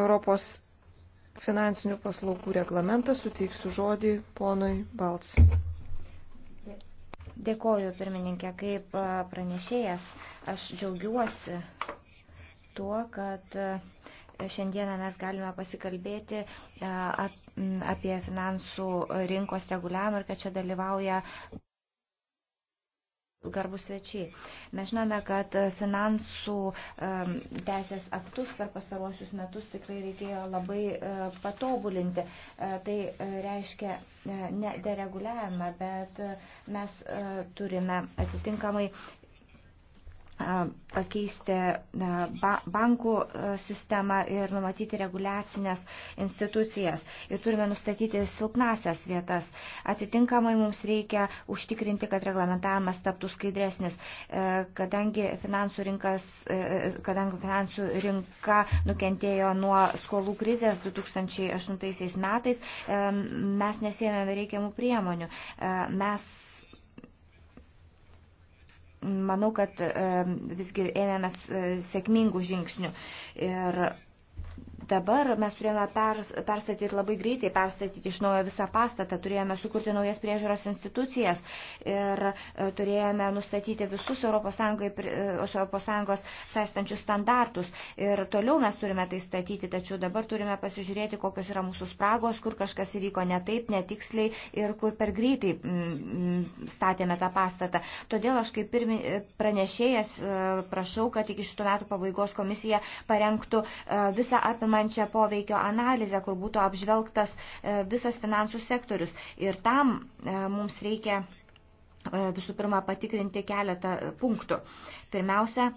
Europos finansinių paslaugų reglamentą suteiksiu žodį ponui Balts. Dėkoju, pirmininkė, kaip pranešėjas. Aš džiaugiuosi tuo, kad šiandieną mes galime pasikalbėti apie finansų rinkos reguliavimą ir kad čia dalyvauja Garbus svečiai. Mes žinome, kad finansų um, teisės aktus per pastarosius metus tikrai reikėjo labai uh, patobulinti. Uh, tai uh, reiškia uh, ne dereguliavimą, bet uh, mes uh, turime atitinkamai pakeisti bankų sistemą ir numatyti reguliacinės institucijas. Ir turime nustatyti silpnasias vietas. Atitinkamai mums reikia užtikrinti, kad reglamentavimas taptų skaidresnis, kadangi finansų, rinkas, kadangi finansų rinka nukentėjo nuo skolų krizės 2008 metais, mes nesėmėme reikiamų priemonių. Mes manau, kad e, visgi ėmėmės e, sėkmingų žingsnių. Ir Dabar mes turėjome pers, perstatyti labai greitai, perstatyti iš naujo visą pastatą, turėjome sukurti naujas priežiūros institucijas ir e, turėjome nustatyti visus ES e, saistančius standartus. Ir toliau mes turime tai statyti, tačiau dabar turime pasižiūrėti, kokios yra mūsų spragos, kur kažkas įvyko ne taip, netiksliai ir kur per greitai statėme tą pastatą. Todėl aš kaip pirmi, e, pranešėjas prašau, kad iki šitų metų pabaigos komisija parengtų visą apimą išsamančią poveikio analizę, kur būtų apžvelgtas e, visas finansų sektorius. Ir tam e, mums reikia e, visų pirma patikrinti keletą punktų. Pirmiausia,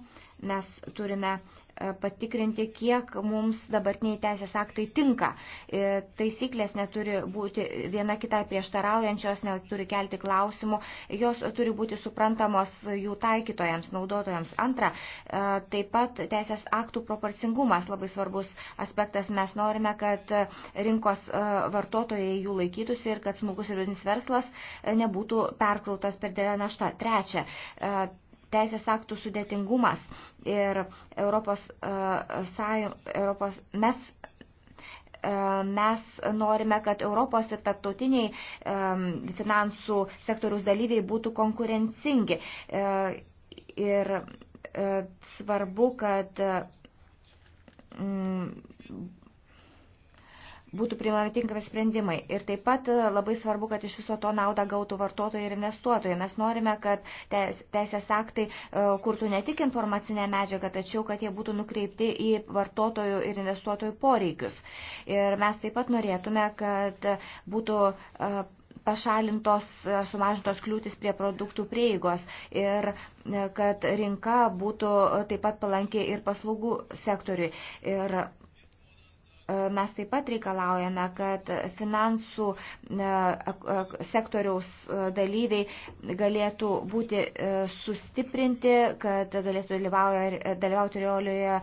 mes turime E, patikrinti, kiek mums dabartiniai teisės aktai tinka. E, taisyklės neturi būti viena kitai prieštaraujančios, neturi kelti klausimų, jos turi būti suprantamos jų taikytojams, naudotojams. Antra, e, taip pat teisės aktų proporcingumas labai svarbus aspektas. Mes norime, kad rinkos vartotojai jų laikytųsi ir kad smulkus ir vidinis verslas nebūtų perkrautas per didelę naštą. Trečia, teisės aktų sudėtingumas ir Europos, e, sąjung, Europos mes, e, mes norime, kad Europos ir tarptautiniai e, finansų sektoriaus dalyviai būtų konkurencingi. Ir svarbu, kad mm, būtų priimami tinkami sprendimai. Ir taip pat e, labai svarbu, kad iš viso to naudą gautų vartotojai ir investuotojai. Mes norime, kad teisės aktai e, kurtų ne tik informacinę medžiagą, tačiau kad jie būtų nukreipti į vartotojų ir investuotojų poreikius. Ir mes taip pat norėtume, kad būtų e, pašalintos, sumažintos kliūtis prie produktų prieigos ir kad rinka būtų taip pat palankiai ir paslaugų sektoriui. Ir mes taip pat reikalaujame, kad finansų e, sektoriaus e, dalyviai galėtų būti e, sustiprinti, kad galėtų dalyvauti realioje,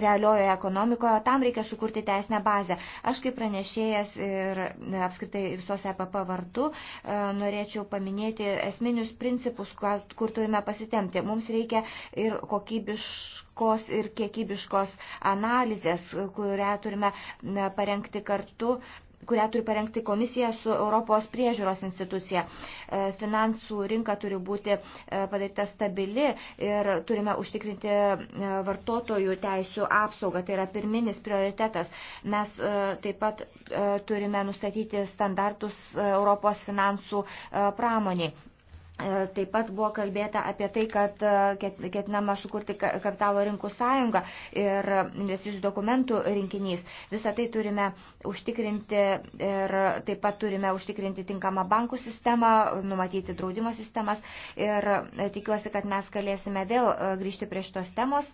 realioje ekonomikoje. Tam reikia sukurti teisinę bazę. Aš kaip pranešėjas ir apskritai visos EPP vardu norėčiau paminėti esminius principus, kur turime pasitemti. Mums reikia ir kokybiškų aiškos ir kiekybiškos analizės, kurią turime parengti kartu kurią turi parengti komisija su Europos priežiūros institucija. E, finansų rinka turi būti e, padaryta stabili ir turime užtikrinti e, vartotojų teisų apsaugą. Tai yra pirminis prioritetas. Mes taip pat turime nustatyti standartus Europos finansų pramoniai. E, taip pat buvo kalbėta apie tai, kad e, ketinama sukurti kapitalo rinkų sąjungą ir investicijų dokumentų rinkinys. Visą tai turime užtikrinti ir taip pat turime užtikrinti tinkamą bankų sistemą, numatyti draudimo sistemas ir e, tikiuosi, kad mes galėsime vėl grįžti prie šitos temos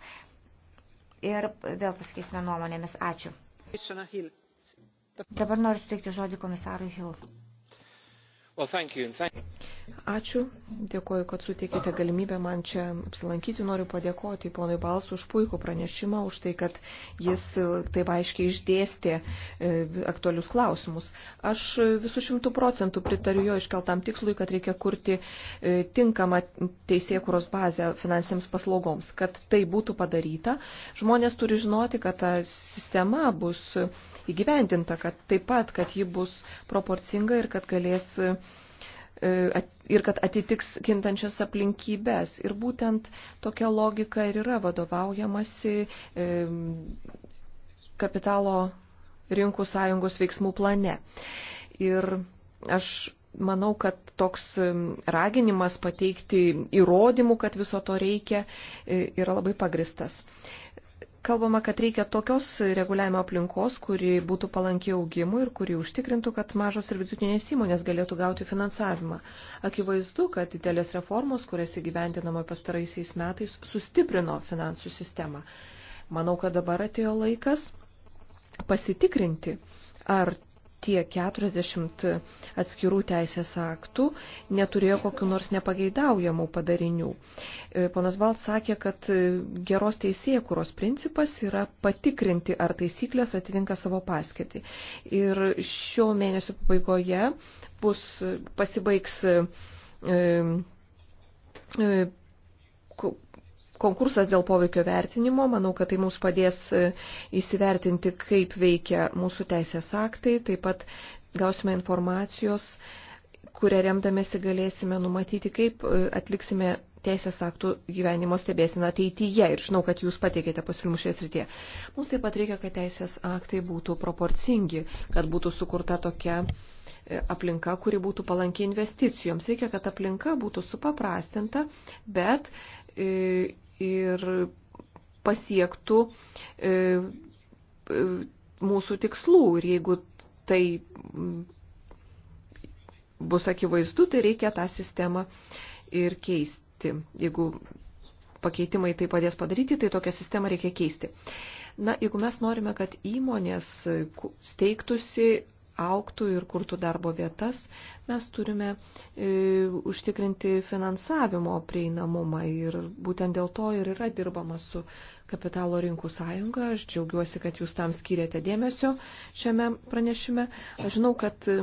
ir vėl pasikeisime nuomonėmis. Ačiū. Dabar noriu suteikti žodį komisarui Hill. Well, thank you, and thank you. Ačiū, dėkoju, kad suteikėte galimybę man čia apsilankyti. Noriu padėkoti ponui Balsu už puikų pranešimą, už tai, kad jis e, taip aiškiai išdėstė e, aktualius klausimus. Aš visų šimtų procentų pritariu jo iškeltam tikslui, kad reikia kurti e, tinkamą teisėkuros bazę finansiams paslaugoms. Kad tai būtų padaryta, žmonės turi žinoti, kad ta sistema bus įgyvendinta, kad taip pat, kad ji bus proporcinga ir kad galės E, ir kad atitiks kintančias aplinkybės. Ir būtent tokia logika ir yra vadovaujamasi e, kapitalo rinkų sąjungos veiksmų plane. Ir aš manau, kad toks e, raginimas pateikti įrodymų, kad viso to reikia, yra labai pagristas. Kalbama, kad reikia tokios reguliavimo aplinkos, kuri būtų palankiai augimui ir kuri užtikrintų, kad mažos ir vidutinės įmonės galėtų gauti finansavimą. Akivaizdu, kad didelės reformos, kurias įgyvendinama pastaraisiais metais, sustiprino finansų sistemą. Manau, kad dabar atėjo laikas pasitikrinti, ar tie 40 atskirų teisės aktų neturėjo kokiu nors nepageidaujamų padarinių. E, ponas Balt sakė, kad geros teisėkuros principas yra patikrinti, ar taisyklės atitinka savo paskirtį. Ir šio mėnesio pabaigoje bus pasibaigs e, e, konkursas dėl poveikio vertinimo. Manau, kad tai mums padės e, įsivertinti, kaip veikia mūsų teisės aktai. Taip pat gausime informacijos, kurią remdamėsi galėsime numatyti, kaip e, atliksime teisės aktų gyvenimo stebėsina ateityje ir žinau, kad jūs pateikėte pasiūlymus šioje srityje. Mums taip pat reikia, kad teisės aktai būtų proporcingi, kad būtų sukurta tokia e, aplinka, kuri būtų palanki investicijoms. Reikia, kad aplinka būtų supaprastinta, bet ir pasiektų e, e, mūsų tikslų. Ir jeigu tai bus akivaizdu, tai reikia tą sistemą ir keisti. Jeigu pakeitimai tai padės padaryti, tai tokią sistemą reikia keisti. Na, jeigu mes norime, kad įmonės steigtųsi auktų ir kurtų darbo vietas, mes turime e, užtikrinti finansavimo prieinamumą ir būtent dėl to ir yra dirbama su kapitalo rinkų sąjunga. Aš džiaugiuosi, kad jūs tam skiriate dėmesio šiame pranešime. Aš žinau, kad e,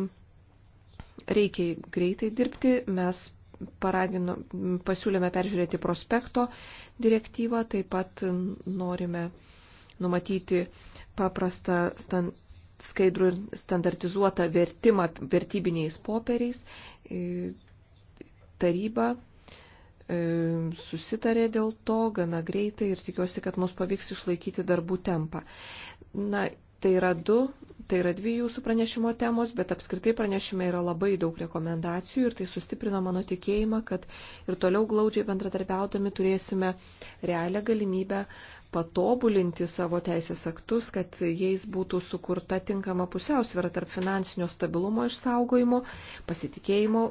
reikia greitai dirbti, mes paragino, pasiūlėme peržiūrėti prospekto direktyvą, taip pat norime numatyti paprastą stand, skaidrų ir standartizuotą vertimą vertybiniais popieriais. E, taryba e, susitarė dėl to gana greitai ir tikiuosi, kad mums pavyks išlaikyti darbų tempą. Na, tai yra du, tai yra dvi jūsų pranešimo temos, bet apskritai pranešime yra labai daug rekomendacijų ir tai sustiprino mano tikėjimą, kad ir toliau glaudžiai bendradarbiaudami turėsime realią galimybę patobulinti savo teisės aktus, kad jais būtų sukurta tinkama pusiausvėra tarp finansinio stabilumo išsaugojimo, pasitikėjimo,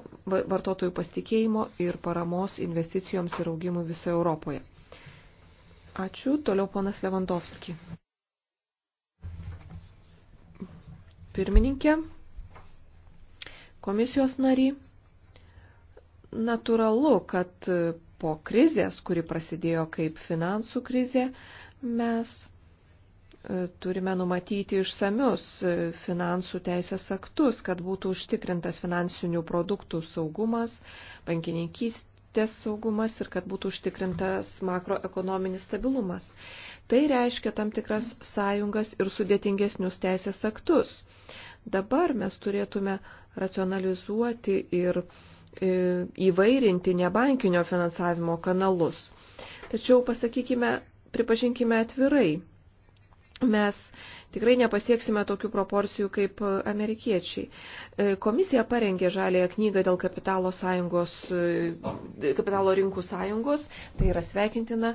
vartotojų pasitikėjimo ir paramos investicijoms ir augimui visoje Europoje. Ačiū. Toliau ponas Levandovski. Pirmininkė, komisijos nary, natūralu, kad po krizės, kuri prasidėjo kaip finansų krizė, mes e, turime numatyti išsamius e, finansų teisės aktus, kad būtų užtikrintas finansinių produktų saugumas, bankininkystės saugumas ir kad būtų užtikrintas makroekonominis stabilumas. Tai reiškia tam tikras sąjungas ir sudėtingesnius teisės aktus. Dabar mes turėtume racionalizuoti ir uh, E, įvairinti nebankinio finansavimo kanalus. Tačiau pasakykime, pripažinkime atvirai, mes tikrai nepasieksime tokių proporcijų kaip amerikiečiai. E, komisija parengė žalėją knygą dėl kapitalo, sąjungos, e, kapitalo rinkų sąjungos, tai yra sveikintina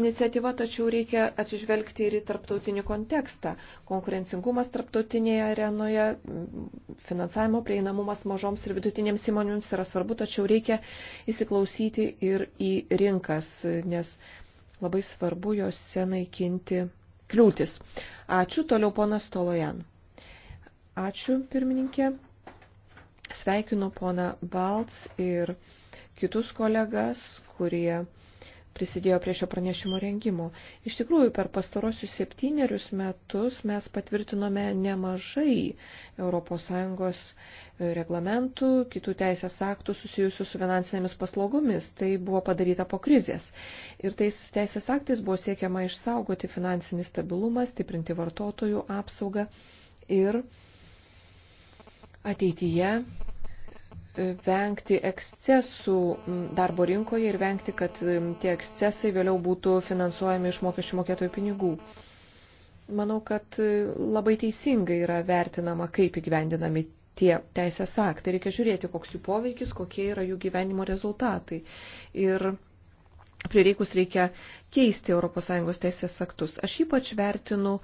iniciatyva, tačiau reikia atsižvelgti ir į tarptautinį kontekstą. Konkurencingumas tarptautinėje arenoje, finansavimo prieinamumas mažoms ir vidutinėms įmonėms yra svarbu, tačiau reikia įsiklausyti ir į rinkas, nes labai svarbu jose naikinti kliūtis. Ačiū, toliau ponas Tolojan. Ačiū, pirmininkė. Sveikinu poną Balts ir kitus kolegas, kurie prisidėjo prie šio pranešimo rengimo. Iš tikrųjų, per pastarosius septynerius metus mes patvirtinome nemažai ES e, reglamentų, kitų teisės aktų susijusių su finansinėmis paslaugomis. Tai buvo padaryta po krizės. Ir tais teisės aktais buvo siekiama išsaugoti finansinį stabilumą, stiprinti vartotojų apsaugą ir ateityje vengti ekscesų darbo rinkoje ir vengti, kad tie ekscesai vėliau būtų finansuojami iš mokesčių mokėtojų pinigų. Manau, kad e, labai teisingai yra vertinama, kaip įgyvendinami tie teisės aktai. Reikia žiūrėti, koks jų poveikis, kokie yra jų gyvenimo rezultatai. Ir prireikus reikia keisti ES teisės aktus. Aš ypač vertinu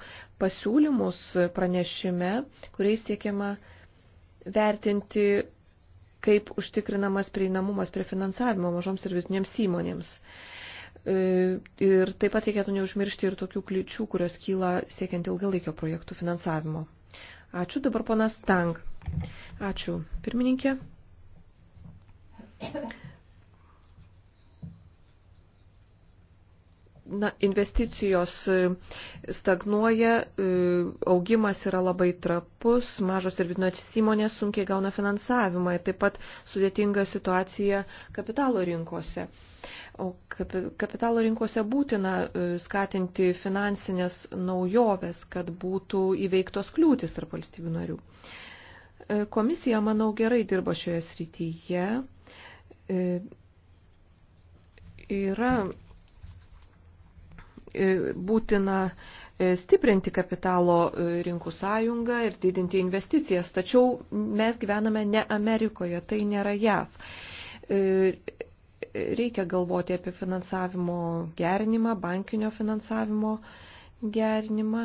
pasiūlymus pranešime, kuriais siekiama vertinti kaip užtikrinamas prieinamumas prie finansavimo mažoms ir vidutinėms įmonėms. E, ir taip pat reikėtų neužmiršti ir tokių kliučių, kurios kyla siekiant ilgalaikio projektų finansavimo. Ačiū dabar ponas Tang. Ačiū. Pirmininkė. na, investicijos e, stagnuoja, e, augimas yra labai trapus, mažos ir vidutinės įmonės sunkiai gauna finansavimą ir taip pat sudėtinga situacija kapitalo rinkose. O kapitalo rinkose būtina e, skatinti finansinės naujoves, kad būtų įveiktos kliūtis tarp valstybių narių. Komisija, manau, gerai dirba šioje srityje. Yra E, būtina e, stiprinti kapitalo e, rinkų sąjungą ir didinti investicijas. Tačiau mes gyvename ne Amerikoje, tai nėra JAV. Reikia galvoti apie finansavimo gerinimą, bankinio finansavimo gerinimą.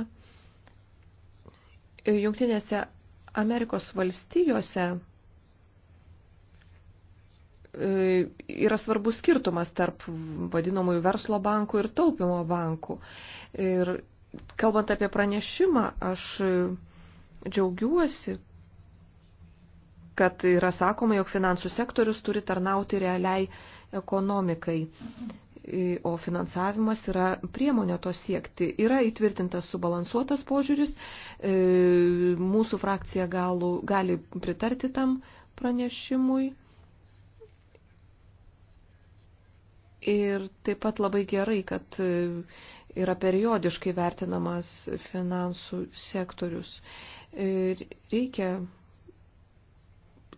Jungtinėse Amerikos valstijose E, yra svarbus skirtumas tarp vadinamųjų verslo bankų ir taupimo bankų. Ir kalbant apie pranešimą, aš džiaugiuosi, kad yra sakoma, jog finansų sektorius turi tarnauti realiai ekonomikai, e, o finansavimas yra priemonė to siekti. Yra įtvirtintas subalansuotas požiūris, e, mūsų frakcija galų, gali pritarti tam pranešimui Ir taip pat labai gerai, kad e, yra periodiškai vertinamas finansų sektorius. Reikia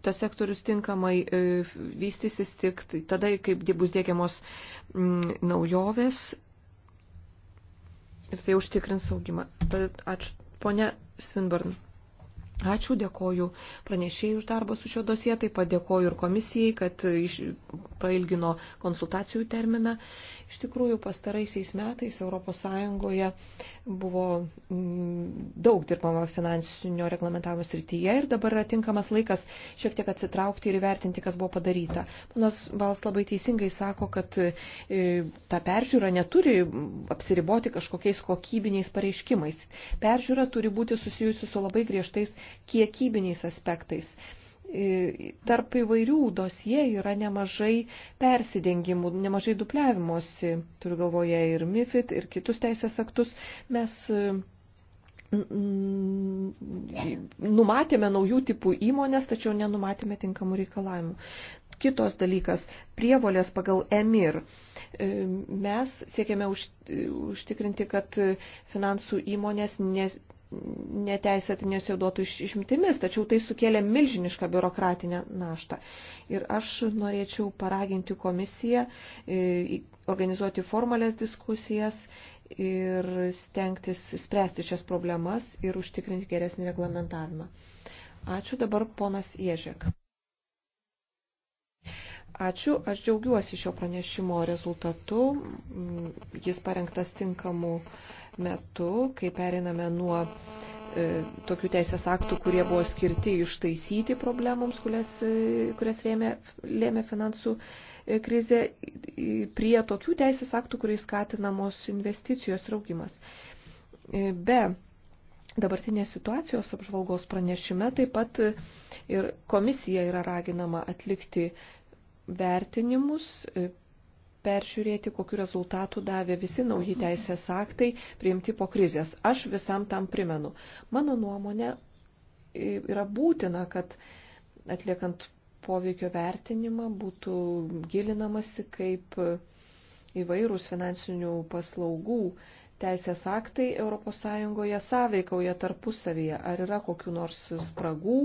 tas sektorius tinkamai e, vystysis tik tada, kaip bus dėgiamos mm, naujovės ir tai užtikrins saugimą. Tad ačiū, ponia Svinbarn. Ačiū, dėkoju pranešėjai už darbą su šio dosie, taip pat dėkoju ir komisijai, kad iš, pailgino konsultacijų terminą. Iš tikrųjų, pastaraisiais metais ES buvo m, mm, daug dirbama finansinio reglamentavimo srityje ir dabar yra tinkamas laikas šiek tiek atsitraukti ir įvertinti, kas buvo padaryta. Panas Valas labai teisingai sako, kad e, ta peržiūra neturi apsiriboti kažkokiais kokybiniais pareiškimais. Peržiūra turi būti susijusi su labai griežtais kiekybiniais aspektais. Tarp įvairių dosie yra nemažai persidengimų, nemažai dupliavimosi, turiu galvoje ir MIFID, ir kitus teisės aktus. Mes numatėme naujų tipų įmonės, tačiau nenumatėme tinkamų reikalavimų. Kitos dalykas - prievolės pagal EMIR. Mes siekiame užtikrinti, kad finansų įmonės neteisėtai nesioduotų iš, išimtimis, tačiau tai sukėlė milžinišką biurokratinę naštą. Ir aš norėčiau paraginti komisiją e, organizuoti formalės diskusijas ir stengtis spręsti šias problemas ir užtikrinti geresnį reglamentavimą. Ačiū dabar ponas Ježek. Ačiū, aš džiaugiuosi šio pranešimo rezultatu. Mm, jis parengtas tinkamu uh, metu, kai periname nuo e, tokių teisės aktų, kurie buvo skirti ištaisyti problemams, kurias, e, kurias rėmė, lėmė finansų e, krizė, prie tokių teisės aktų, kuriais skatinamos investicijos raugimas. Be dabartinės situacijos apžvalgos pranešime taip pat ir komisija yra raginama atlikti vertinimus, peržiūrėti, kokiu rezultatu davė visi nauji teisės aktai priimti po krizės. Aš visam tam primenu. Mano nuomonė yra būtina, kad atliekant poveikio vertinimą būtų gilinamasi, kaip įvairūs finansinių paslaugų teisės aktai ES sąveikauja tarpusavyje. Ar yra kokiu nors spragų,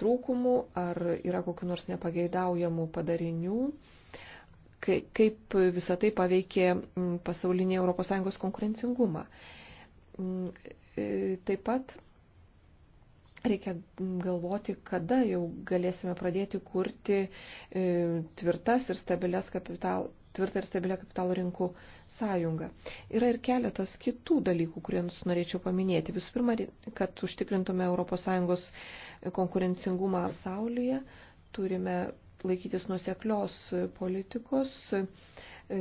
trūkumų, ar yra kokiu nors nepageidaujamų padarinių kaip visą tai paveikė mm, pasaulinį ES konkurencingumą. Mm, e, taip pat reikia galvoti, kada jau galėsime pradėti kurti e, tvirtas ir stabilias kapital, tvirtą ir stabilią kapitalo rinkų sąjungą. Yra ir keletas kitų dalykų, kuriuos norėčiau paminėti. Visų pirma, kad užtikrintume ES konkurencingumą pasaulyje, turime laikytis nuseklios politikos e,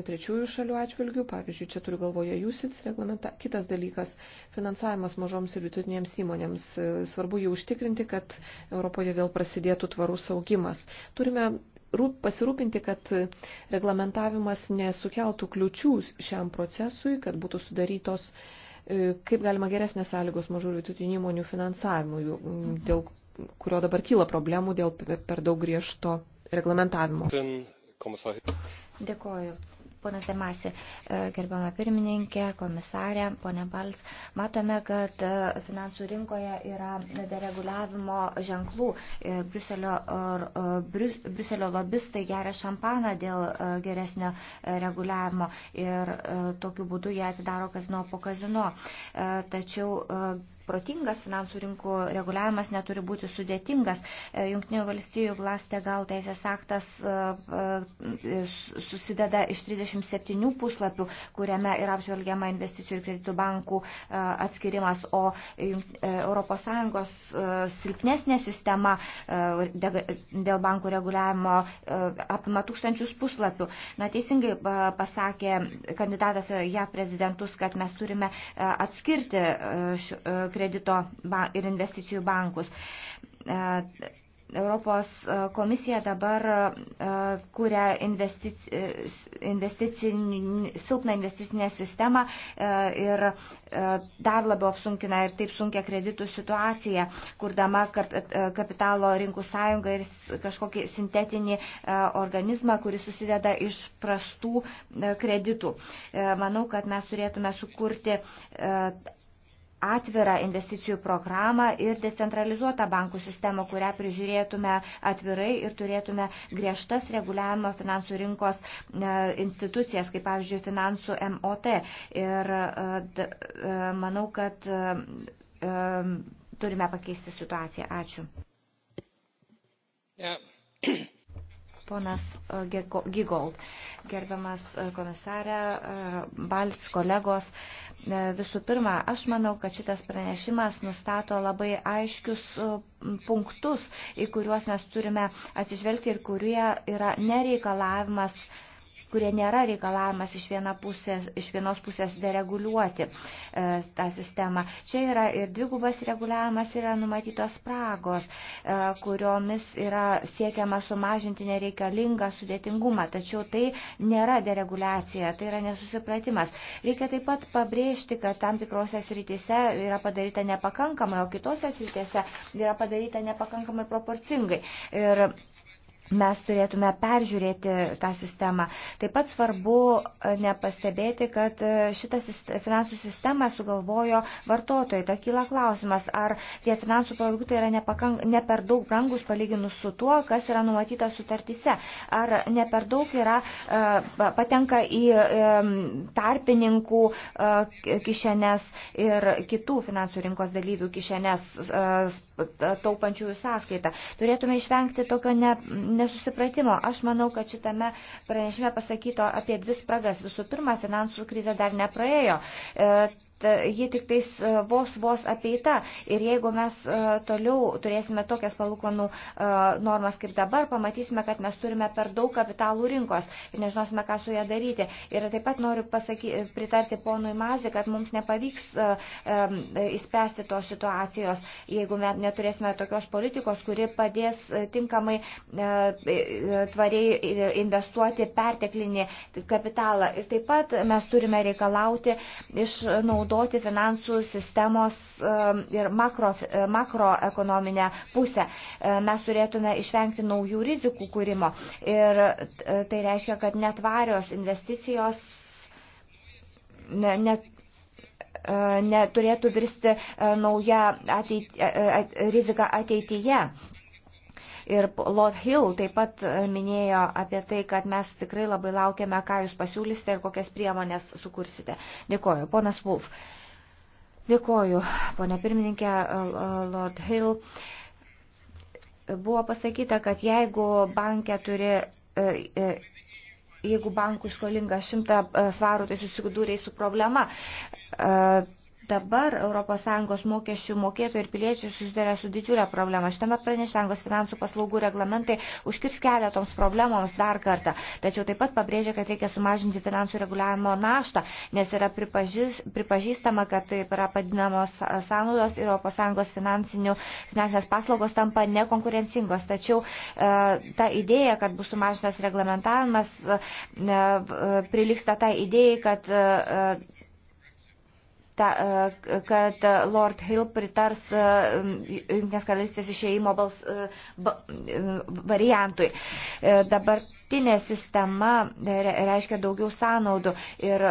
trečiųjų šalių atžvilgių, pavyzdžiui, čia turiu galvoje jūsits reglamentą. Kitas dalykas - finansavimas mažoms ir vidutinėms įmonėms. E, svarbu jau užtikrinti, kad Europoje vėl prasidėtų tvarus augimas. Turime rūp, pasirūpinti, kad reglamentavimas nesukeltų kliučių šiam procesui, kad būtų sudarytos e, kaip galima geresnės sąlygos mažų ir vidutinių įmonių finansavimui, dėl kurio dabar kyla problemų dėl per daug griežto reglamentavimo. Dėkoju. Ponas Demasi, e, gerbiama pirmininkė, komisarė, ponė Balts, matome, kad e, finansų rinkoje yra dereguliavimo ženklų ir Bruselio, e, Bruselio lobistai geria šampaną dėl geresnio reguliavimo ir tokiu būdu jie atidaro kazino po kazino. Tačiau protingas, finansų rinkų reguliavimas neturi būti sudėtingas. E, Junktinių valstybių glastė gal teisės aktas e, e, susideda iš 37 puslapių, kuriame yra apžvelgiama investicijų ir kreditų bankų atskirimas, o ES silpnesnė sistema dėl bankų reguliavimo apima tūkstančius puslapių. Na, teisingai pasakė kandidatas ją prezidentus, kad mes turime atskirti kredito ir investicijų bankus. E, Europos e, komisija dabar e, kūrė investicin, silpną investicinę sistemą ir dar labiau apsunkina ir taip sunkia kreditų situacija, kurdama kapitalo rinkų sąjungą ir kažkokį sintetinį organizmą, kuris susideda iš prastų kreditų. Manau, kad mes turėtume sukurti atvirą investicijų programą ir decentralizuotą bankų sistemą, kurią prižiūrėtume atvirai ir turėtume griežtas reguliavimo finansų rinkos e, institucijas, kaip pavyzdžiui finansų MOT. Ir e, e, manau, kad turime pakeisti situaciją. Ačiū. Yeah. Ponas e, Gigold, gerbiamas e, komisarė, e, Balts kolegos, visų pirma, aš manau, kad šitas pranešimas nustato labai aiškius punktus, į kuriuos mes turime atsižvelgti ir kurie yra nereikalavimas kurie nėra reikalavimas iš, pusės, iš vienos pusės dereguliuoti e, tą sistemą. Čia yra ir dvigubas reguliavimas, yra numatytos spragos, e, kuriomis yra siekiama sumažinti nereikalingą sudėtingumą, tačiau tai nėra dereguliacija, tai yra nesusipratimas. Reikia taip pat pabrėžti, kad tam tikrose srityse yra padaryta nepakankamai, o kitose srityse yra padaryta nepakankamai proporcingai. Ir mes turėtume peržiūrėti tą sistemą. Taip pat svarbu e, nepastebėti, kad e, šitą finansų sistemą sugalvojo vartotojai. Ta kyla klausimas, ar tie finansų produktai yra nepakank, ne per daug brangus palyginus su tuo, kas yra numatyta sutartyse. Ar ne per daug yra, e, patenka į tarpininkų kišenės ir kitų finansų rinkos dalyvių kišenės taupančiųjų sąskaitą. Turėtume išvengti tokio ne nesusipratimo. Aš manau, kad šitame pranešime pasakyto apie dvi spragas. Visų pirma, finansų krizė dar nepraėjo. E, E, ji tik tais e, vos vos apeita. Ir jeigu mes e, toliau turėsime tokias palūkanų normas kaip dabar, pamatysime, kad mes turime per daug kapitalų rinkos ir nežinosime, ką su ją daryti. Ir taip pat noriu pasaky, pritarti ponui Mazį, kad mums nepavyks įspręsti tos situacijos, jeigu mes neturėsime tokios politikos, kuri padės tinkamai tvariai investuoti perteklinį kapitalą. Ir taip pat mes turime reikalauti iš naudos panaudoti finansų sistemos ir makro, makroekonominę pusę. Mes turėtume išvengti naujų rizikų kūrimo. Ir e, tai reiškia, kad netvarios investicijos. Net, e, neturėtų virsti e, naują ateit, riziką ateityje. Ir Lord Hill taip pat e, minėjo apie tai, kad mes tikrai labai laukiame, ką jūs pasiūlysite ir kokias priemonės sukursite. Dėkoju. Ponas Wolf. Dėkoju, ponė pirmininkė e, e, Lord Hill. Buvo pasakyta, kad jeigu bankė turi jeigu bankui skolinga 100 svarų, tai susidūrė su problema. Dabar ES mokesčių mokėtojų ir piliečių susiduria su didžiulė problema. Šitame pranešime ES finansų paslaugų reglamentai užkirs kelią toms problemoms dar kartą. Tačiau taip pat pabrėžia, kad reikia sumažinti finansų reguliavimo naštą, nes yra pripažys, pripažįstama, kad taip yra padinamos sąnaudos ir ES finansinės paslaugos tampa nekonkurencingos. Tačiau e, ta idėja, kad bus sumažintas reglamentavimas, e, e, priliksta tai idėjai, kad e, e E, kad Lord Hill pritars e, Junktinės karalystės išėjimo bals, e, ba, variantui. Dabartinė sistema reiškia daugiau sąnaudų ir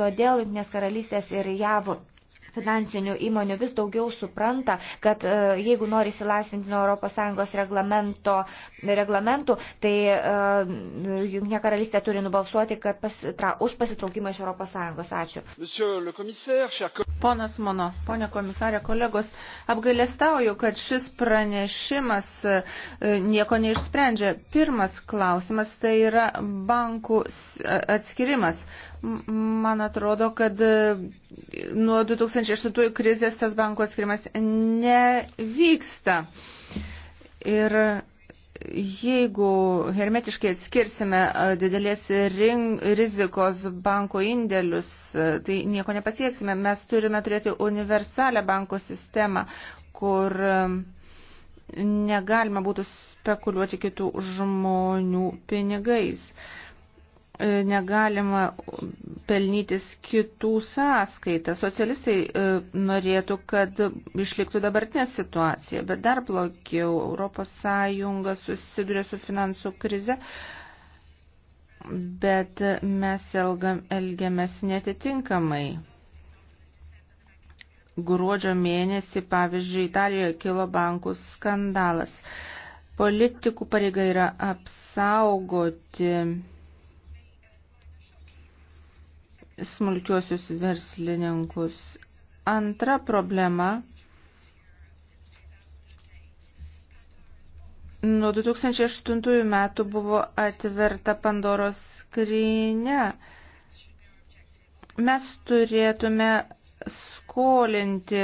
todėl Junktinės karalystės ir JAV finansinių įmonių vis daugiau supranta, kad e, jeigu nori įsilaisvinti nuo ES reglamentų, tai e, Junktinė karalystė turi nubalsuoti kad pasitra, už pasitraukimą iš ES. Ačiū. Ponas Mono, ponė komisarė, kolegos, apgailestauju, kad šis pranešimas e, nieko neišsprendžia. Pirmas klausimas tai yra bankų atskirimas. Man atrodo, kad nuo 2008 krizės tas banko atskirimas nevyksta. Ir jeigu hermetiškai atskirsime didelės ring, rizikos banko indėlius, tai nieko nepasieksime. Mes turime turėti universalią banko sistemą, kur negalima būtų spekuliuoti kitų žmonių pinigais. Uh, E, negalima pelnytis kitų sąskaitą. Socialistai e, norėtų, kad išliktų dabartinė situacija, bet dar blogiau Europos Sąjunga susiduria su finansų krize, bet mes elgiam, elgiamės netitinkamai. Gruodžio mėnesį, pavyzdžiui, Italijoje kilo bankų skandalas. Politikų pareiga yra apsaugoti smulkiuosius verslininkus. Antra problema Nuo 2008 metų buvo atverta Pandoros skrynia. Mes turėtume skolinti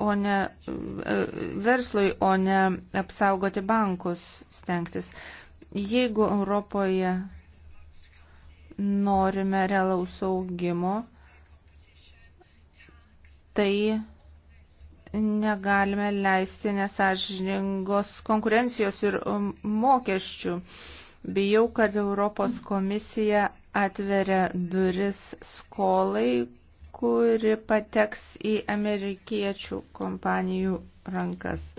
o ne, e, verslui, o ne apsaugoti bankus stengtis. Jeigu Europoje norime realaus augimo, tai negalime leisti nesažiningos konkurencijos ir um, mokesčių. Bijau, kad Europos komisija atveria duris skolai, kuri pateks į amerikiečių kompanijų rankas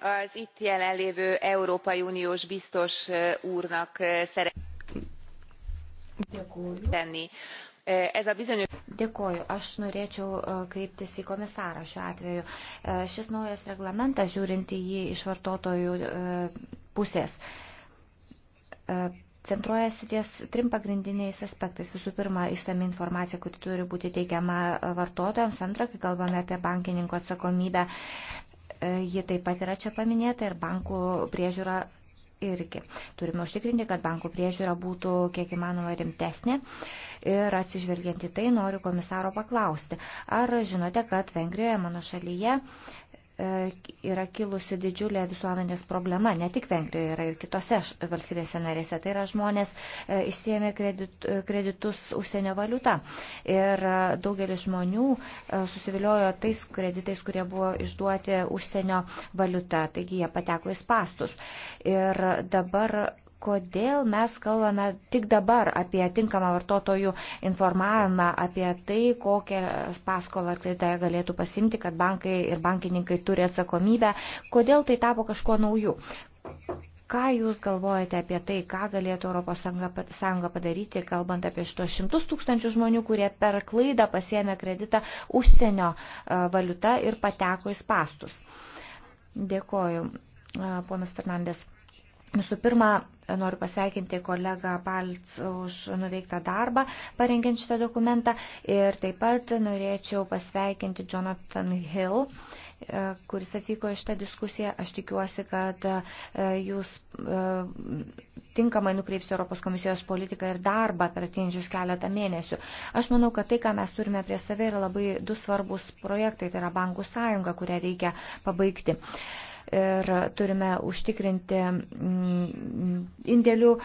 az itt jelenlévő európai uniós biztos úrnak szeretnék tenni. ez a bizonyos. Dėkoju. Aš norėčiau kreiptis į komisarą šiuo atveju. Šis naujas reglamentas, žiūrint į jį iš vartotojų pusės, centruojasi ties trim pagrindiniais aspektais. Visų pirma, išsami informacija, kuri turi būti teikiama vartotojams. Antra, kai kalbame apie bankininko atsakomybę, E, ji taip pat yra čia paminėta ir bankų priežiūra irgi. Turime užtikrinti, kad bankų priežiūra būtų kiek įmanoma rimtesnė. Ir atsižvelgiant į tai, noriu komisaro paklausti, ar žinote, kad Vengrijoje, mano šalyje, E, yra kilusi didžiulė visuomenės problema, ne tik Vengrijoje, yra ir kitose valstybėse narėse. Tai yra žmonės e, išsiemė kredit, kreditus užsienio valiutą. Ir e, daugelis žmonių susiviliojo tais kreditais, kurie buvo išduoti užsienio valiutą. Taigi jie pateko į pastus. Ir dabar kodėl mes kalbame tik dabar apie tinkamą vartotojų informavimą, apie tai, kokią paskolą kreditą galėtų pasimti, kad bankai ir bankininkai turi atsakomybę, kodėl tai tapo kažkuo nauju. Ką Jūs galvojate apie tai, ką galėtų ES padaryti, kalbant apie šitos šimtus tūkstančių žmonių, kurie per klaidą pasiemė kreditą užsienio e, valiuta ir pateko į spastus? Dėkoju, e, ponas Fernandės. Visų pirma, noriu pasveikinti kolegą Palc už nuveiktą darbą, parengiant šitą dokumentą. Ir taip pat norėčiau pasveikinti Jonathan Hill, e, kuris atvyko į šitą diskusiją. Aš tikiuosi, kad e, jūs e, tinkamai nukreipsite Europos komisijos politiką ir darbą per atinčius keletą mėnesių. Aš manau, kad tai, ką mes turime prie save, yra labai du svarbus projektai. Tai yra bankų sąjunga, kurią reikia pabaigti. Uh, ir turime užtikrinti mm, indėlių e,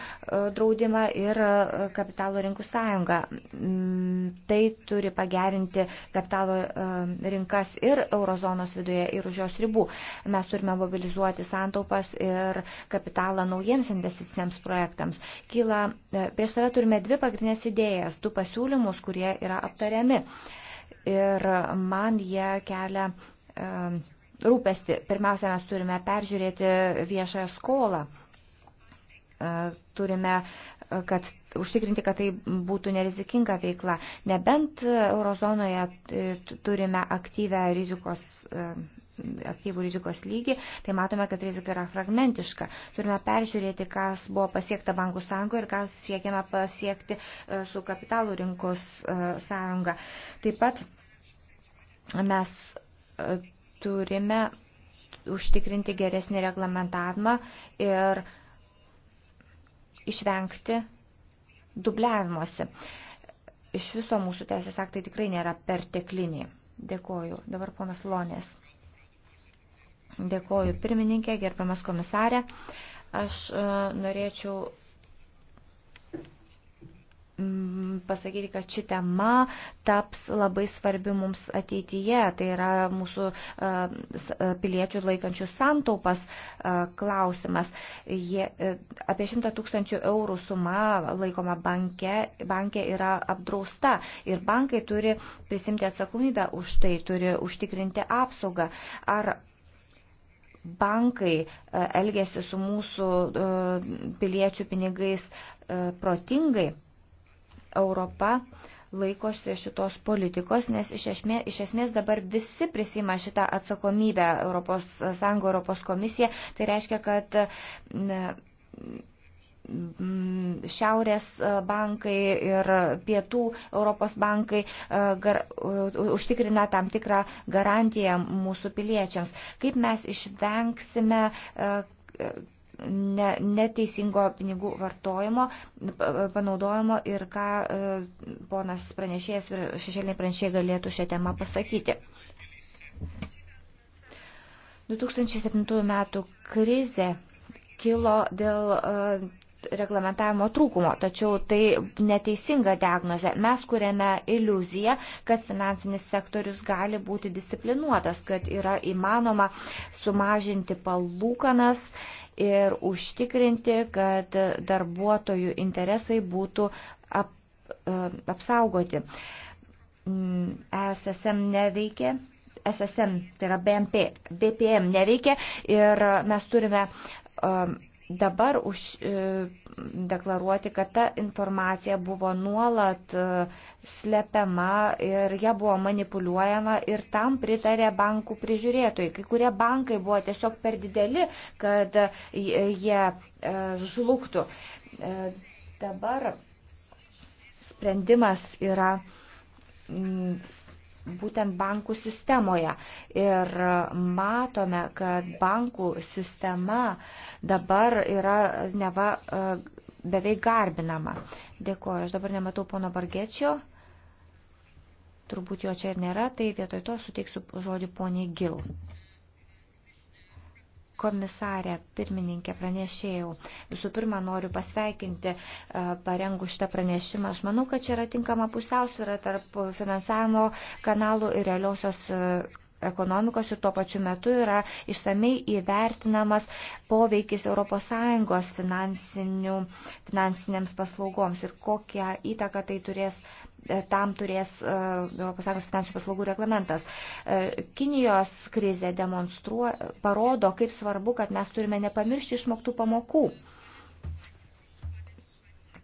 draudimą ir e, kapitalo rinkų sąjungą. Mm, tai turi pagerinti kapitalo e, rinkas ir eurozonos viduje, ir už jos ribų. Mes turime mobilizuoti santaupas ir kapitalą naujiems investiciniams projektams. Kyla, prieš save turime dvi pagrindinės idėjas, du pasiūlymus, kurie yra aptariami. Ir man jie kelia um, rūpesti. Pirmiausia, mes turime peržiūrėti viešąją skolą. E, turime, e, kad užtikrinti, kad tai būtų nerizikinga veikla. Nebent e, eurozonoje turime aktyvę rizikos aktyvų rizikos lygį, tai matome, kad rizika yra fragmentiška. Turime peržiūrėti, kas buvo pasiekta bankų sąjungoje ir kas siekiame pasiekti su kapitalų rinkos sąjunga. Taip pat mes turime užtikrinti geresnį reglamentavimą ir išvengti dubliavimuose. Iš viso mūsų teisės aktai tikrai nėra pertekliniai. Dėkoju. Dabar ponas Lonės. Dėkoju pirmininkė, gerbiamas komisarė. Aš e, norėčiau Mm, pasakyti, kad ši tema taps labai svarbi mums ateityje. Tai yra mūsų e, e, piliečių laikančių santaupas e, klausimas. Jie, apie 100 tūkstančių eurų suma laikoma banke, banke yra apdrausta ir bankai turi prisimti atsakomybę už tai, turi užtikrinti apsaugą. Ar bankai elgesi su mūsų piliečių pinigais protingai? Europa laikosi šitos politikos, nes iš esmės, iš esmės dabar visi prisima šitą atsakomybę Europos Sąjungo, Europos komisija. Tai reiškia, kad ne, Šiaurės e, bankai ir pietų Europos bankai e, gar, užtikrina tam tikrą garantiją mūsų piliečiams. Kaip mes išvengsime e, ne, neteisingo pinigų vartojimo, panaudojimo ir ką e, ponas pranešėjas ir šešėliniai pranešėjai galėtų šią temą pasakyti. 2007 metų krizė kilo dėl e, reglamentavimo trūkumo, tačiau tai neteisinga diagnozė. Mes kuriame iliuziją, kad finansinis sektorius gali būti disciplinuotas, kad yra įmanoma sumažinti palūkanas ir užtikrinti, kad darbuotojų interesai būtų ap, e, apsaugoti. SSM mm, neveikia, SSM, tai yra BMP, BPM neveikia ir mes turime um, dabar už, e, deklaruoti, kad ta informacija buvo nuolat e, slepiama ir ją buvo manipuliuojama ir tam pritarė bankų prižiūrėtojai. Kai kurie bankai buvo tiesiog per dideli, kad e, jie e, žlugtų. E, dabar sprendimas yra. M, būtent bankų sistemoje. Ir matome, kad bankų sistema dabar yra neva e, beveik garbinama. Dėkuoju, aš dabar nematau pono Bargečio. Turbūt jo čia ir nėra, tai vietoj to suteiksiu žodį poniai Gil komisarė, pirmininkė, pranešėjau. Visų pirma, noriu pasveikinti e, parengų šitą pranešimą. Aš manau, kad čia yra tinkama pusiausvyrą tarp finansavimo kanalų ir realiosios e, ekonomikos ir tuo pačiu metu yra išsamei įvertinamas poveikis ES finansinėms paslaugoms ir kokią įtaką tai turės e, tam turės ES finansų paslaugų reglamentas. E, Kinijos krizė parodo, kaip svarbu, kad mes turime nepamiršti išmoktų pamokų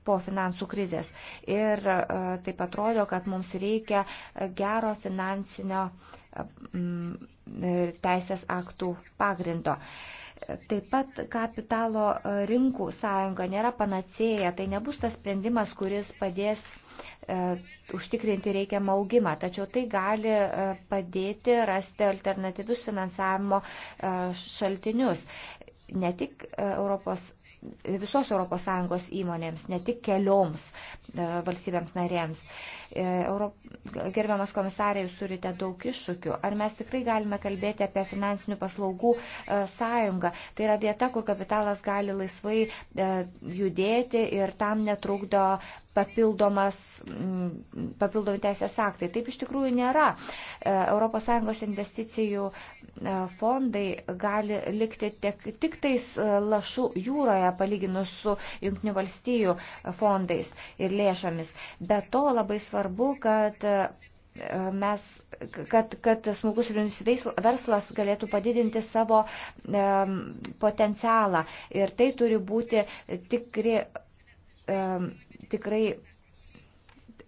po finansų krizės. Ir e, taip atrodo, kad mums reikia gero finansinio uh, Mm, e, teisės aktų pagrindo. Taip pat kapitalo e, rinkų sąjunga nėra panacėja, tai nebus tas sprendimas, kuris padės e, užtikrinti reikiamą augimą, tačiau tai gali e, padėti rasti alternatyvius finansavimo e, šaltinius. Ne tik e, Europos visos ES įmonėms, ne tik kelioms e, valstybėms narėms. E, Europ... Gerbiamas komisarė, jūs turite daug iššūkių. Ar mes tikrai galime kalbėti apie finansinių paslaugų e, sąjungą? Tai yra vieta, kur kapitalas gali laisvai judėti ir tam netrukdo papildomas, mm, papildomi teisės aktai. Taip iš tikrųjų nėra. E, ES investicijų e, fondai gali likti tiek, tik tais e, lašų jūroje palyginus su Junktinių valstijų fondais ir lėšomis. Be to labai svarbu, kad mes, kad, kad smulkus ir jums verslas galėtų padidinti savo e, potencialą. Ir tai turi būti tikri e, tikrai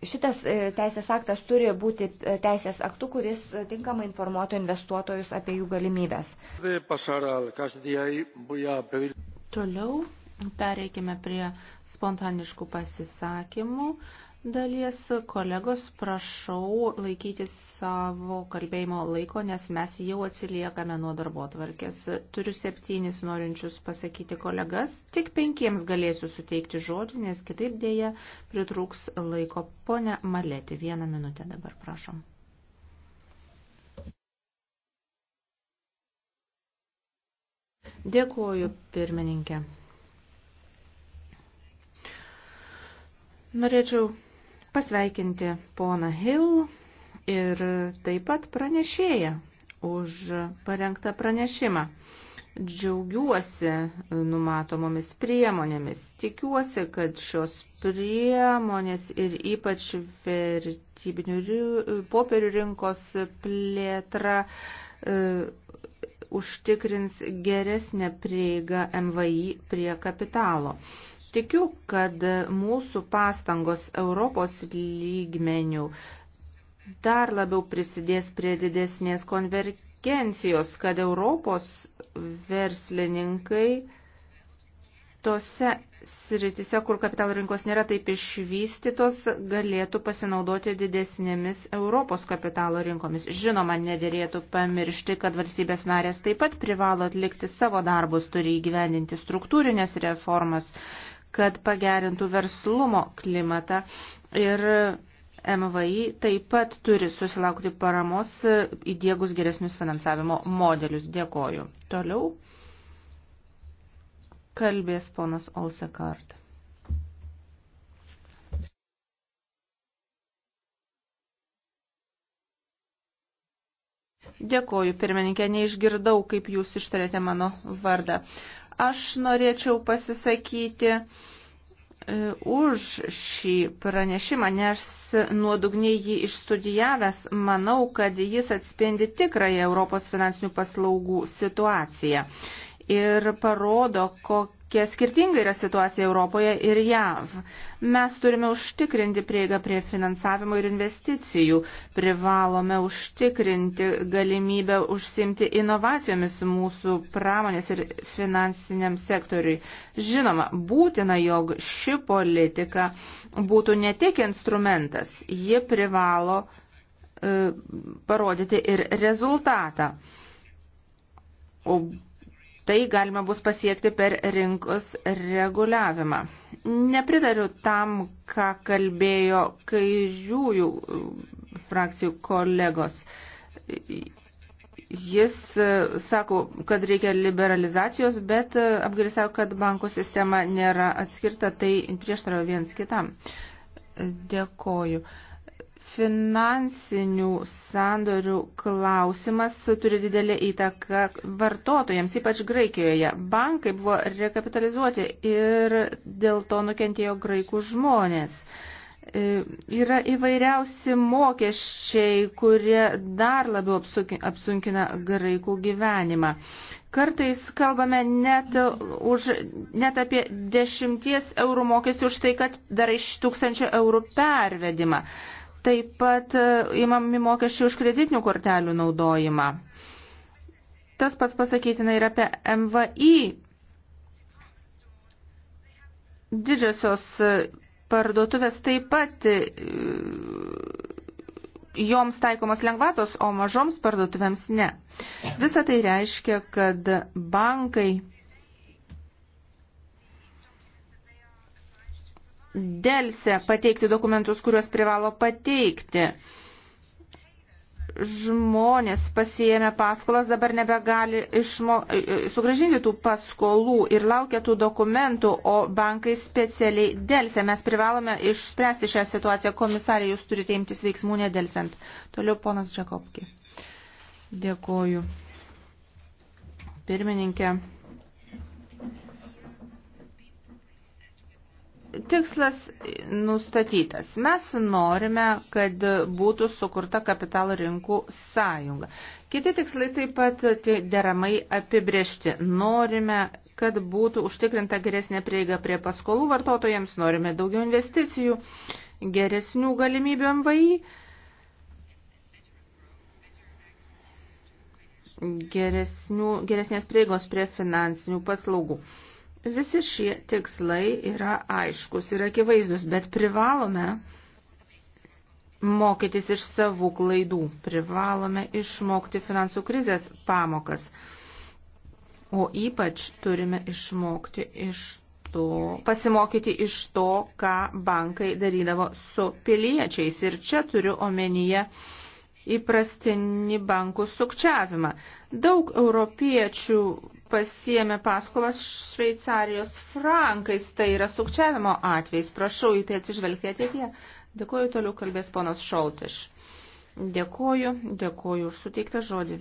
šitas e, teisės aktas turi būti e, teisės aktu, kuris tinkamai informuotų investuotojus apie jų galimybės. Toliau pereikime prie spontaniškų pasisakymų dalies. Kolegos, prašau laikyti savo kalbėjimo laiko, nes mes jau atsiliekame nuo darbo tvarkės. Turiu septynis norinčius pasakyti kolegas, tik penkiems galėsiu suteikti žodį, nes kitaip dėja pritrūks laiko. Pone Malėti, vieną minutę dabar prašom. Dėkuoju, pirmininkė. Norėčiau pasveikinti poną Hill ir taip pat pranešėją už parengtą pranešimą. Džiaugiuosi numatomomis priemonėmis. Tikiuosi, kad šios priemonės ir ypač vertybinių popierių rinkos plėtra e, užtikrins geresnę prieigą MVI prie kapitalo. E, Tikiu, kad mūsų pastangos Europos lygmenių dar labiau prisidės prie didesnės konvergencijos, kad Europos verslininkai tose sritise, kur kapitalo rinkos nėra taip išvystytos, galėtų pasinaudoti didesnėmis Europos kapitalo rinkomis. Žinoma, nedėrėtų pamiršti, kad valstybės narės taip pat privalo atlikti savo darbus, turi įgyvendinti struktūrinės reformas, kad pagerintų verslumo klimatą ir MVI taip pat turi susilaukti paramos e, įdėgus geresnius finansavimo modelius. Dėkoju. Toliau kalbės ponas Olsekart. Dėkoju, pirmininkė, neišgirdau, kaip jūs ištarėte mano vardą. Aš norėčiau pasisakyti e, už šį pranešimą, nes nuodugniai jį išstudijavęs, manau, kad jis atspindi tikrąją Europos finansinių paslaugų situaciją ir parodo, ko, kokia skirtinga yra situacija Europoje ir JAV. Mes turime užtikrinti prieigą prie finansavimo ir investicijų, privalome užtikrinti galimybę užsimti inovacijomis mūsų pramonės ir finansiniam sektoriui. Žinoma, būtina, jog ši politika būtų ne tik instrumentas, ji privalo e, parodyti ir rezultatą. O Tai galima bus pasiekti per rinkos reguliavimą. Nepritariu tam, ką kalbėjo kairiųjų e, frakcijų kolegos. Jis e, sako, kad reikia liberalizacijos, bet e, apgailisau, kad bankų sistema nėra atskirta, tai prieštarauja viens kitam. Dėkoju finansinių sandorių klausimas turi didelį įtaką vartotojams, ypač Graikijoje. Bankai buvo rekapitalizuoti ir dėl to nukentėjo graikų žmonės. E, yra įvairiausi mokesčiai, kurie dar labiau apsunkina graikų gyvenimą. Kartais kalbame net, už, net apie 10 eurų mokestį už tai, kad darai 1000 eurų pervedimą. Taip pat įmami e, mokesčiai už kreditinių kortelių naudojimą. Tas pats pasakytina ir apie MVI. Didžiosios e, parduotuvės taip pat e, joms taikomos lengvatos, o mažoms parduotuvėms ne. Visa tai reiškia, kad bankai dėlse pateikti dokumentus, kuriuos privalo pateikti. Žmonės pasijėmė paskolas, dabar nebegali išmo, e, e, sugražinti tų paskolų ir laukia tų dokumentų, o bankai specialiai dėlse. Mes privalome išspręsti šią situaciją. Komisarė, jūs turite imtis veiksmų nedėlsiant. Toliau ponas Džekopki. Dėkoju. Pirmininkė. Tikslas nustatytas. Mes norime, kad būtų sukurta kapitalo rinkų sąjunga. Kiti tikslai taip pat deramai apibriežti. Norime, kad būtų užtikrinta geresnė prieiga prie paskolų vartotojams, norime daugiau investicijų, geresnių galimybių MVI. Geresnių, geresnės prieigos prie finansinių paslaugų. Uh, Visi šie tikslai yra aiškus ir akivaizdus, bet privalome mokytis iš savų klaidų, privalome išmokti finansų krizės pamokas, o ypač turime išmokti iš to, pasimokyti iš to, ką bankai darydavo su piliečiais. Ir čia turiu omenyje įprastinį bankų sukčiavimą. Daug europiečių pasiėmė paskolas Šveicarijos frankais, tai yra sukčiavimo atvejais. Prašau į tai atsižvelgti ateityje. Dėkuoju, toliau kalbės ponas Šoltiš. Dėkuoju, dėkuoju už suteiktą žodį.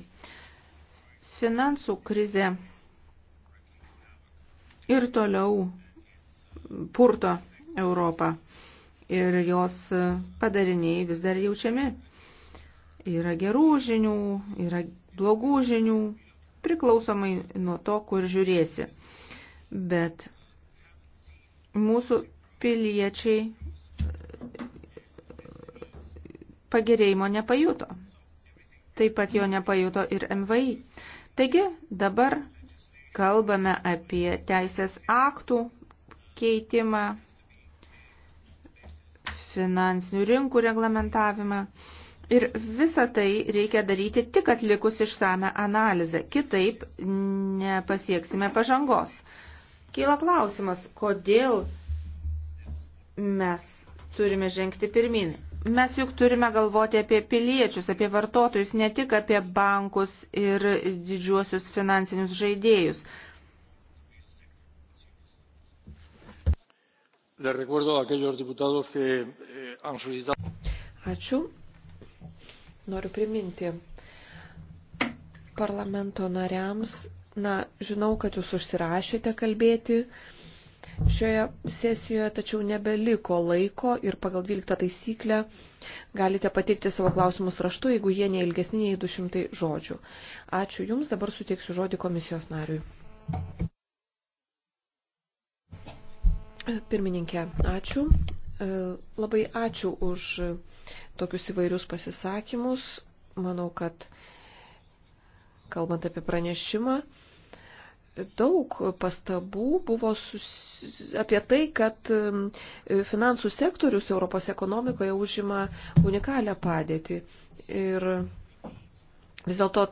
Finansų krize ir toliau purto Europą ir jos padariniai vis dar jaučiami. Yra gerų žinių, yra blogų žinių, priklausomai nuo to, kur žiūrėsi. Bet mūsų piliečiai e, pagerėjimo nepajuto. Taip pat jo nepajuto ir MVI. Taigi dabar kalbame apie teisės aktų keitimą, finansinių rinkų reglamentavimą. Ir visą tai reikia daryti tik atlikus išsame analizę, kitaip nepasieksime pažangos. Kyla klausimas, kodėl mes turime žengti pirmin. Mes juk turime galvoti apie piliečius, apie vartotojus, ne tik apie bankus ir didžiuosius finansinius žaidėjus. Le recuerdo a aquellos diputados que eh, han solicitado. Ačiū. Noriu priminti parlamento nariams, na, žinau, kad jūs užsirašėte kalbėti šioje sesijoje, tačiau nebeliko laiko ir pagal 12 taisyklę galite pateikti savo klausimus raštu, jeigu jie neilgesni nei 200 žodžių. Ačiū Jums, dabar suteiksiu žodį komisijos nariui. Pirmininkė, ačiū. Labai ačiū už tokius įvairius pasisakymus. Manau, kad kalbant apie pranešimą, daug pastabų buvo susi... apie tai, kad um, finansų sektorius Europos ekonomikoje užima unikalią padėtį. Ir vis dėlto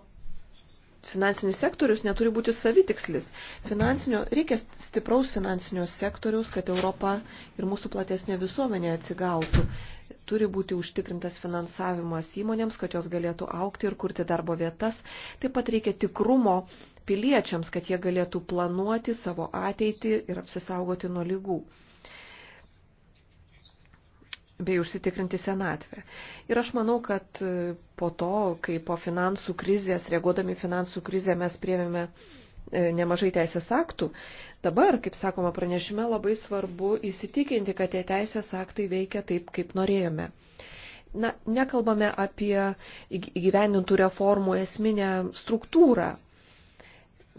finansinis sektorius neturi būti savitikslis. Finansinio, reikia stipraus finansinio sektoriaus, kad Europa ir mūsų platesnė visuomenė atsigautų. Turi būti užtikrintas finansavimas įmonėms, kad jos galėtų aukti ir kurti darbo vietas. Taip pat reikia tikrumo piliečiams, kad jie galėtų planuoti savo ateitį ir apsisaugoti nuo lygų bei užsitikrinti senatvę. Ir aš manau, kad e, po to, kai po finansų krizės, reaguodami finansų krizę, mes priemėme e, nemažai teisės aktų, dabar, kaip sakoma pranešime, labai svarbu įsitikinti, kad tie teisės aktai veikia taip, kaip norėjome. Na, nekalbame apie įgyvendintų reformų esminę struktūrą.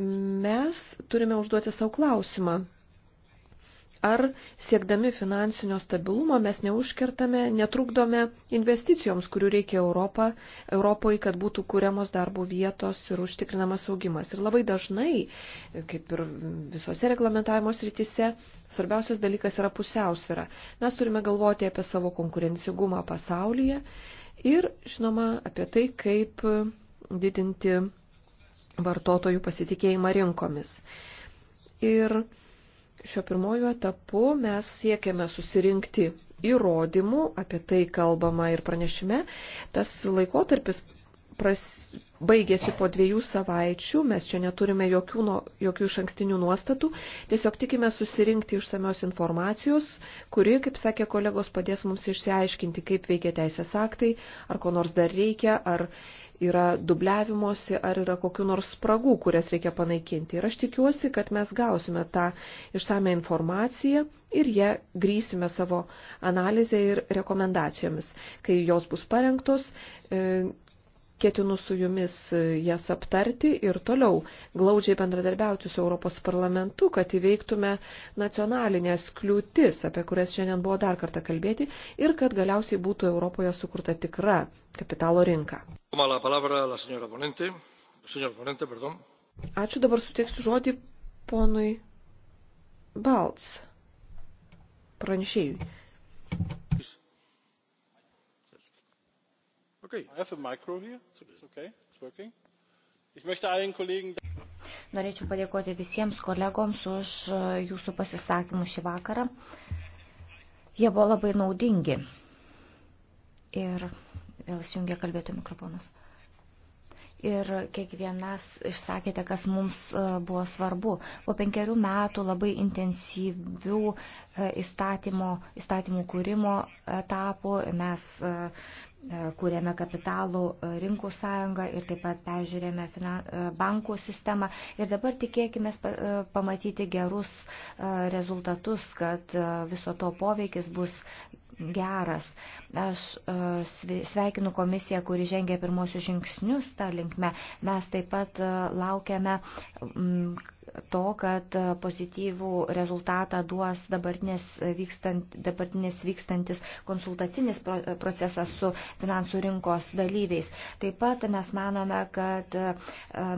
Mes turime užduoti savo klausimą, ar siekdami finansinio stabilumo mes neužkertame, netrukdome investicijoms, kurių reikia Europą, Europoje, kad būtų kuriamos darbo vietos ir užtikrinamas augimas. Ir labai dažnai, kaip ir visose reglamentavimo srityse, svarbiausias dalykas yra pusiausvėra. Mes turime galvoti apie savo konkurencingumą pasaulyje ir, žinoma, apie tai, kaip didinti vartotojų pasitikėjimą rinkomis. Ir Šiuo pirmoju etapu mes siekiame susirinkti įrodymų, apie tai kalbama ir pranešime. Tas laikotarpis pras, baigėsi po dviejų savaičių, mes čia neturime jokių, no, jokių iš ankstinių nuostatų, tiesiog tikime susirinkti išsamios informacijos, kuri, kaip sakė kolegos, padės mums išsiaiškinti, kaip veikia teisės aktai, ar ko nors dar reikia, ar yra dubliavimosi, ar yra kokiu nors spragų, kurias reikia panaikinti. Ir aš tikiuosi, kad mes gausime tą išsame informaciją ir ją grįsime savo analizę ir rekomendacijomis. Kai jos bus parengtos, e, ketinu su jumis e, jas aptarti ir toliau glaudžiai bendradarbiauti su Europos parlamentu, kad įveiktume nacionalinės kliūtis, apie kurias šiandien buvo dar kartą kalbėti, ir kad galiausiai būtų Europoje sukurta tikra kapitalo rinka. Ačiū dabar suteiksiu žodį ponui Balts, pranešėjui. Norėčiau padėkoti visiems kolegoms už e, jūsų pasisakymus šį vakarą. Jie buvo labai naudingi. Ir vėl įsijungia kalbėtojų mikrofonas. Ir kiekvienas išsakėte, kas mums e, buvo svarbu. Po penkerių metų labai intensyvių e, įstatymo, įstatymų kūrimo etapų mes E, kūrėme kapitalų e, rinkų sąjungą ir taip pat peržiūrėme e, bankų sistemą. Ir dabar tikėkime pamatyti gerus rezultatus, kad viso to poveikis bus geras. Aš sveikinu komisiją, kuri žengia pirmosius žingsnius tą linkme. Mes taip pat laukiame to, kad pozityvų rezultatą duos dabartinės, vykstant, dabartinės vykstantis konsultacinis procesas su finansų rinkos dalyviais. Taip pat mes manome, kad e,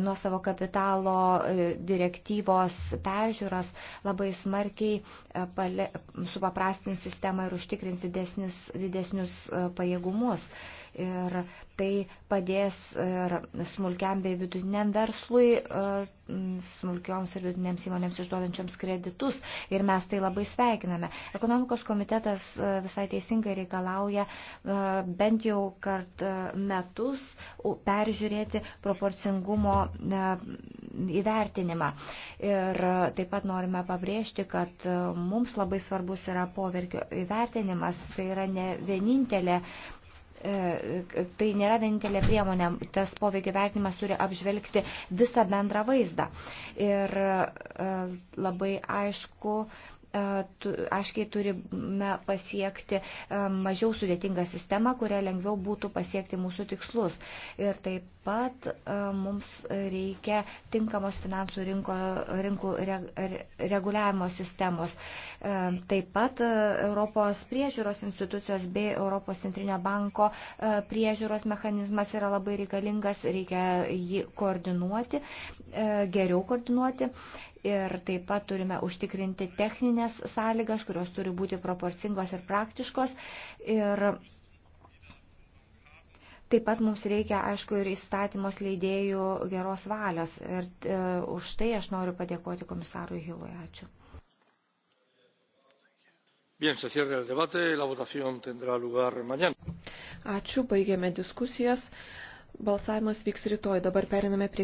nuo savo kapitalo e, direktyvos peržiūras labai smarkiai e, supaprastins sistemą ir užtikrins didesnis, didesnius pajėgumus. Ir tai padės ir smulkiam bei vidutiniam verslui, e, smulkioms ir vidutinėms įmonėms išduodančioms kreditus. Ir mes tai labai sveikiname. Ekonomikos komitetas e, visai teisingai reikalauja e, bent jau kart metus peržiūrėti proporcingumo įvertinimą. Ir taip pat norime pabrėžti, kad mums labai svarbus yra poverkio įvertinimas. Tai yra ne vienintelė E, tai nėra vienintelė priemonė, tas poveikio vertinimas turi apžvelgti visą bendrą vaizdą. Ir e, labai aišku, E, aiškiai turime pasiekti e, mažiau sudėtingą sistemą, kurią lengviau būtų pasiekti mūsų tikslus. Ir taip pat e, mums reikia tinkamos finansų rinko, rinkų re, reguliavimo sistemos. Taip pat Europos priežiūros institucijos bei Europos centrinio banko priežiūros mechanizmas yra labai reikalingas, reikia jį koordinuoti, geriau koordinuoti ir taip pat turime užtikrinti techninės sąlygas, kurios turi būti proporcingos ir praktiškos. Ir Taip pat mums reikia, aišku, ir įstatymos leidėjų geros valios. Ir e, už tai aš noriu padėkoti komisarui Hilui. Ačiū. Bien, se cierra el debate. La votación tendrá lugar mañana. Ačiū, baigėme diskusijas. Balsavimas vyks rytoj. Dabar periname prie.